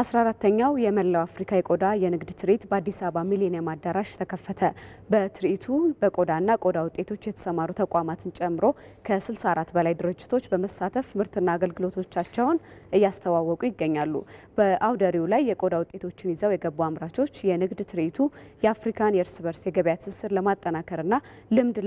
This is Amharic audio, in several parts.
14ተኛው የመላው አፍሪካ የቆዳ የንግድ ትርኢት በአዲስ አበባ ሚሊኒየም አዳራሽ ተከፈተ። በትርኢቱ በቆዳና ቆዳ ውጤቶች የተሰማሩ ተቋማትን ጨምሮ ከ64 በላይ ድርጅቶች በመሳተፍ ምርትና አገልግሎቶቻቸውን እያስተዋወቁ ይገኛሉ። በአውደሪው ላይ የቆዳ ውጤቶችን ይዘው የገቡ አምራቾች የንግድ ትርኢቱ የአፍሪካን የእርስ በርስ የገበያ ትስስር ለማጠናከርና ልምድ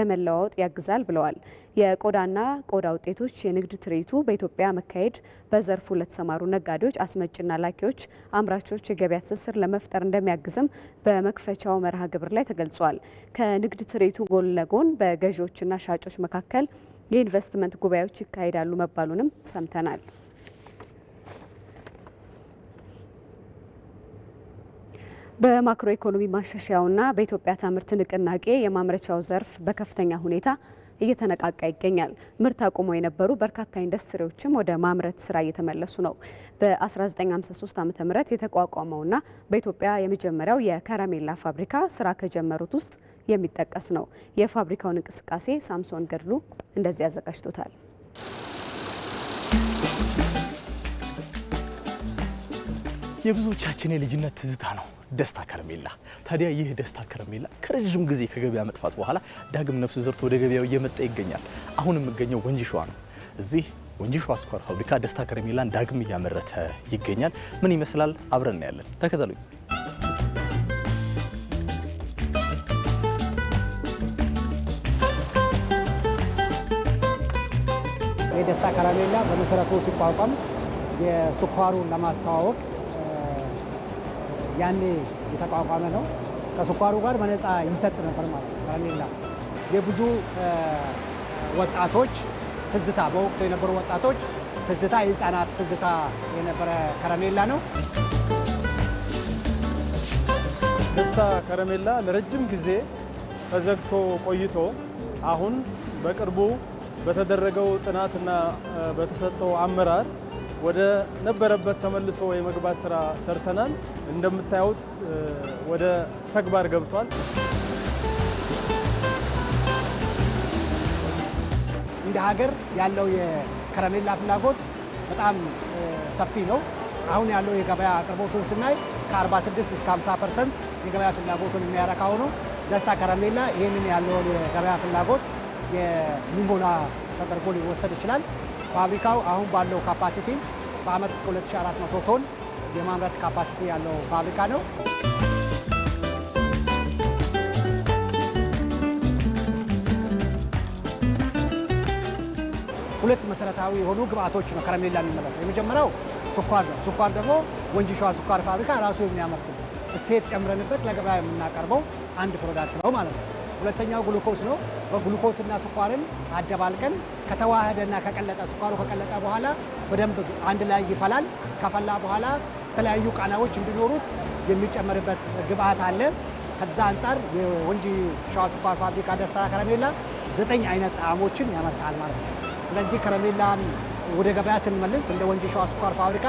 ለመለዋወጥ ያግዛል ብለዋል። የቆዳና ቆዳ ውጤቶች የንግድ ትርኢቱ በኢትዮጵያ መካሄድ በዘርፉ ለተሰማሩ ነጋዴዎች አስመጭና አቅራቢዎችና ላኪዎች፣ አምራቾች የገበያ ትስስር ለመፍጠር እንደሚያግዝም በመክፈቻው መርሃ ግብር ላይ ተገልጿል። ከንግድ ትርኢቱ ጎን ለጎን በገዢዎችና ሻጮች መካከል የኢንቨስትመንት ጉባኤዎች ይካሄዳሉ መባሉንም ሰምተናል። በማክሮ ኢኮኖሚ ማሻሻያውና በኢትዮጵያ ታምርት ንቅናቄ የማምረቻው ዘርፍ በከፍተኛ ሁኔታ እየተነቃቃ ይገኛል። ምርት አቁሞ የነበሩ በርካታ ኢንዱስትሪዎችም ወደ ማምረት ስራ እየተመለሱ ነው። በ1953 ዓ ም የተቋቋመውና በኢትዮጵያ የመጀመሪያው የከረሜላ ፋብሪካ ስራ ከጀመሩት ውስጥ የሚጠቀስ ነው። የፋብሪካውን እንቅስቃሴ ሳምሶን ገድሉ እንደዚህ አዘጋጅቶታል። የብዙዎቻችን የልጅነት ትዝታ ነው ደስታ ከረሜላ። ታዲያ ይህ ደስታ ከረሜላ ከረዥም ጊዜ ከገበያ መጥፋት በኋላ ዳግም ነፍስ ዘርቶ ወደ ገበያው እየመጣ ይገኛል። አሁን የምገኘው ወንጂ ሸዋ ነው። እዚህ ወንጂ ሸዋ ስኳር ፋብሪካ ደስታ ከረሜላን ዳግም እያመረተ ይገኛል። ምን ይመስላል? አብረን እናያለን። ተከተሉኝ። የደስታ ከረሜላ በመሰረቱ ሲቋቋም የስኳሩን ለማስተዋወቅ ያኔ የተቋቋመ ነው። ከስኳሩ ጋር በነፃ ይሰጥ ነበር ማለት ነው። ከረሜላ የብዙ ወጣቶች ትዝታ፣ በወቅቱ የነበሩ ወጣቶች ትዝታ፣ የህፃናት ትዝታ የነበረ ከረሜላ ነው። ደስታ ከረሜላ ለረጅም ጊዜ ተዘግቶ ቆይቶ አሁን በቅርቡ በተደረገው ጥናትና በተሰጠው አመራር ወደ ነበረበት ተመልሶ የመግባት ስራ ሰርተናል። እንደምታዩት ወደ ተግባር ገብቷል። እንደ ሀገር ያለው የከረሜላ ፍላጎት በጣም ሰፊ ነው። አሁን ያለው የገበያ አቅርቦቱን ስናይ ከ46 እስከ 50 ፐርሰንት የገበያ ፍላጎቱን የሚያረካው ነው። ደስታ ከረሜላ ይህንን ያለውን የገበያ ፍላጎት የሚሞላ ተደርጎ ሊወሰድ ይችላል። ፋብሪካው አሁን ባለው ካፓሲቲ በአመት እስከ 2400 ቶን የማምረት ካፓሲቲ ያለው ፋብሪካ ነው። ሁለት መሰረታዊ የሆኑ ግብአቶች ነው ከረሜላ የሚመረተው። የመጀመሪያው ስኳር ነው። ስኳር ደግሞ ወንጂ ሸዋ ስኳር ፋብሪካ ራሱ የሚያመርት እሴት ጨምረንበት ለገበያ የምናቀርበው አንድ ፕሮዳክት ነው ማለት ነው። ሁለተኛው ግሉኮስ ነው። እና ስኳርን አደባልቀን እና ከቀለጠ ስኳሩ ከቀለጠ በኋላ በደንብ አንድ ላይ ይፈላል። ከፈላ በኋላ የተለያዩ ቃናዎች እንዲኖሩት የሚጨመርበት ግብአት አለ። ከዛ አንጻር የወንጂ ሸዋ ስኳር ፋብሪካ ደስታ ከረሜላ ዘጠኝ አይነት ጣዕሞችን ያመርታል ማለት ነው። ስለዚህ ከረሜላን ወደ ገበያ ስንመልስ እንደ ወንጂ ሸዋ ስኳር ፋብሪካ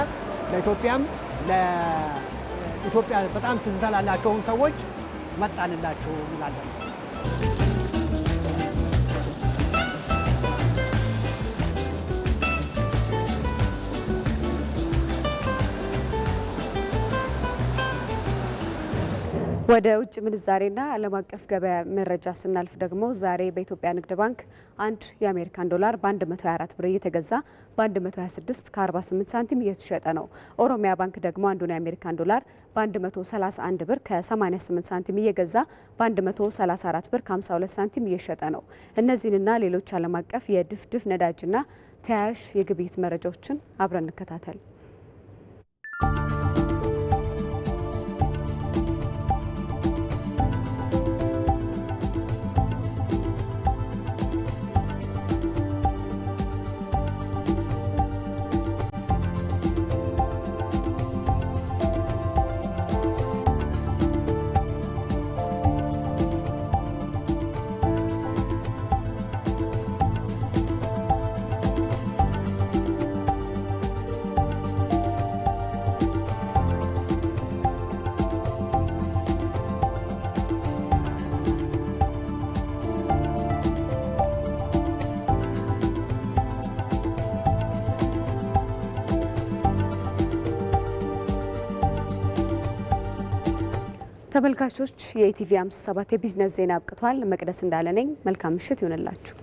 ለኢትዮጵያም ለኢትዮጵያ በጣም ትዝታ ላላቸውን ሰዎች መጣንላችሁ እንላለን። Thank you. ወደ ውጭ ምንዛሬና ዓለም አቀፍ ገበያ መረጃ ስናልፍ ደግሞ ዛሬ በኢትዮጵያ ንግድ ባንክ አንድ የአሜሪካን ዶላር በ124 ብር እየተገዛ በ126 ከ48 ሳንቲም እየተሸጠ ነው። ኦሮሚያ ባንክ ደግሞ አንዱን የአሜሪካን ዶላር በ131 ብር ከ88 ሳንቲም እየገዛ በ134 ብር ከ52 ሳንቲም እየሸጠ ነው። እነዚህንና ሌሎች ዓለም አቀፍ የድፍድፍ ነዳጅና ተያያዥ የግብይት መረጃዎችን አብረን እንከታተል። ተመልካቾች የኢቲቪ 57 የቢዝነስ ዜና አብቅቷል። መቅደስ እንዳለ ነኝ። መልካም ምሽት ይሆንላችሁ።